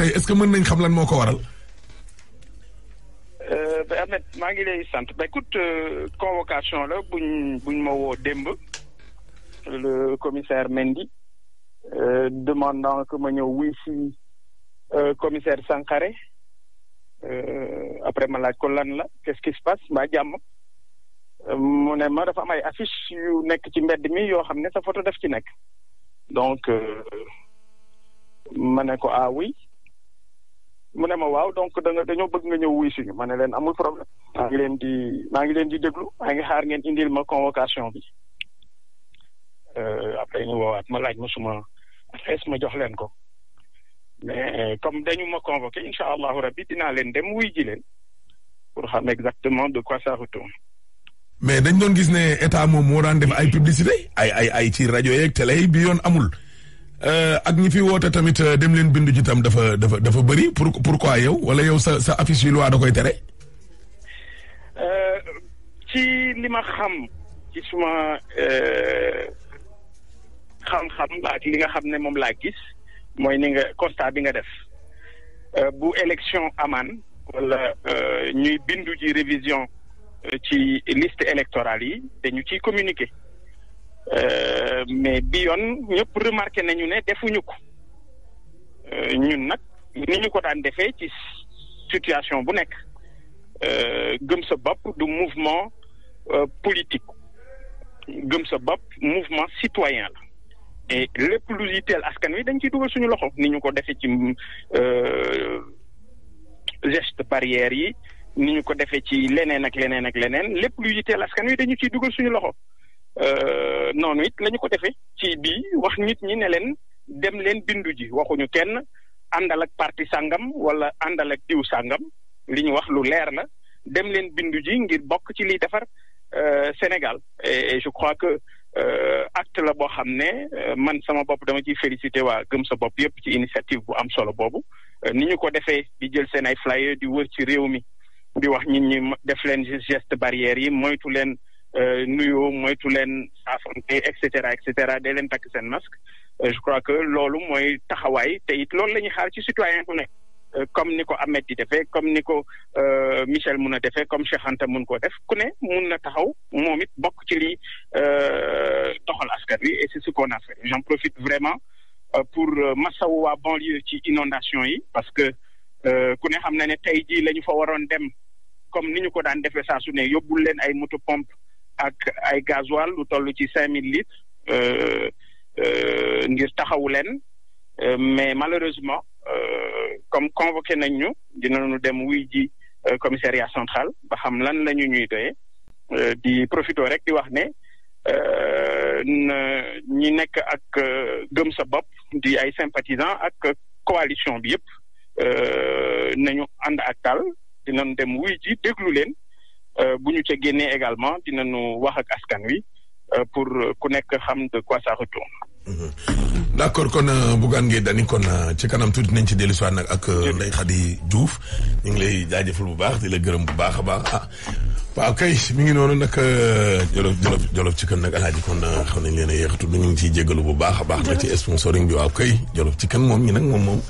tey est-ce que mën nañ xam lan moo ko waral. Euh, maa ngi lay sant ba écoute euh, convocation la buñ buñ ma démb le commissaire Mendy euh, demandant que ma ñëw wuy si commissaire Sankharé après ma laaj ko lan la qu'est-ce qui se passe mbaa jàmm mu ne ma dafa am ay yu nekk ci mbedd mi yoo xam ne sa photo daf ci nekk donc ma ne ko ah mu ne ma waaw donc da nga dañoo bëgg nga ñëw wuy suñu ma ne leen amul problème. maa ngi leen di maa ngi leen di déglu maa ngi xaar ngeen indil ma convocation bi. Euh, après ñu woowaat ma laaj ma suma adresse ma jox leen ko mais comme dañu ma convoqué incha allahu rabbi dinaa leen dem wuy ji leen pour xam exactement de quoi ça retourne. mais dañ doon gis ne état moom moo daan def ay publicité ay ay ay ci rajo yeeg télé yi bi yoon amul. Euh, ak ñi fi woote tamit euh, dem leen bindu ci tam dafa dafa dafa bëri pour pourquoi yow wala yow sa sa affiche yi loi da koy tere. Euh, ci li ma xam ci suma xam-xam ak li nga xam ne moom laa gis mooy ni nga constat bi nga def bu élection amaan wala ñuy bindu ji révision ci liste électorale yi dañu ci communiquer. Euh, mais bi yoon ñëpp remarqué nañu ne defuñu ko euh, ñun nag ni ñu ko daan defee ci situation bu nekk euh, gëm sa bopp du mouvement politique gëm sa bopp mouvement citoyen la et lépp lu yitteel askan wi dañ ciy dugal suñu loxo ni ñu ko defee ci geste barrière yi ni ñu ko defee ci leneen ak leneen ak leneen lépp lu yitteel askan wi dañu ciy dugal suñu loxo noonu it la ñu ko defee ci bii wax nit ñi ne leen dem leen bindu ji waxuñu kenn àndal ak parti sàngam wala àndal ak diw sàngam li ñu wax lu leer la dem leen bindu ji ngir bokk ci liy defar euh, Sénégal et je crois que euh, acte la boo xam ne euh, man sama bopp dama ciy félicité waa gëm sa bopp yépp ci initiative bu am solo boobu ni ñu ko defee di jël seen ay flyer di wër ci réew mi di wax nit ñi def leen geste barrière yi moytu leen nuyoo moytu leen saafonte et cetera cetera day leen takk seen masque euh, je crois que loolu mooy taxawaay teyit it loolu la ñuy xaar ci citoyen bu nekk euh, comme ni ko Ahmed di defee comme ni ko euh, Michel mun a defee comme Cheikh Anta mun koo def ku ne mun na taxaw moom it bokk ci li doxal askan wi et c'est ce qu'on a j'en profite vraiment pour masawu waa banlieue ci inondation yi parce que ku ne xam na ne tey jii la ñu fa waroon dem comme ni ñu ko daan defee saa su ne yóbbul leen ay moto pompe ak ay gasoil lu tollu ci cinq mille litres euh, euh, ngir taxawu leen euh, mais malheureusement comme convoqué nañ ñu dinañu dem wuy ji commissariat central ba xam lan la ñu ñuy doyee di profito rek di wax ne ñi nekk ak gëm sa bopp di ay sympathisants ak coalition bi yëpp nañu ànd ak daal dinañ dem wuy déglu leen Euh, bu ñu ca génnee également dina dinañu wax ak askan wi euh, pour ku nekk xam de quoi ça retourne. Mhm. d' accord kon euh, Bougane Gueye Dany kon ci kanam tuuti nañ ci dellu si waat nag ak. Ndeye Khady Diouf ñu ngi lay jaajëfal bu baax di la gërëm bu baax a baax ah. waaw kay mi ngi noonu nag jolof jolof jolof ci kan nag alaaji kon xam nañ leen a yéexatu ñu ngi ciy jégalu bu baax a baax. nag ci sponsoring bi waaw kay jolof ci kan moom ñi nag moom moom.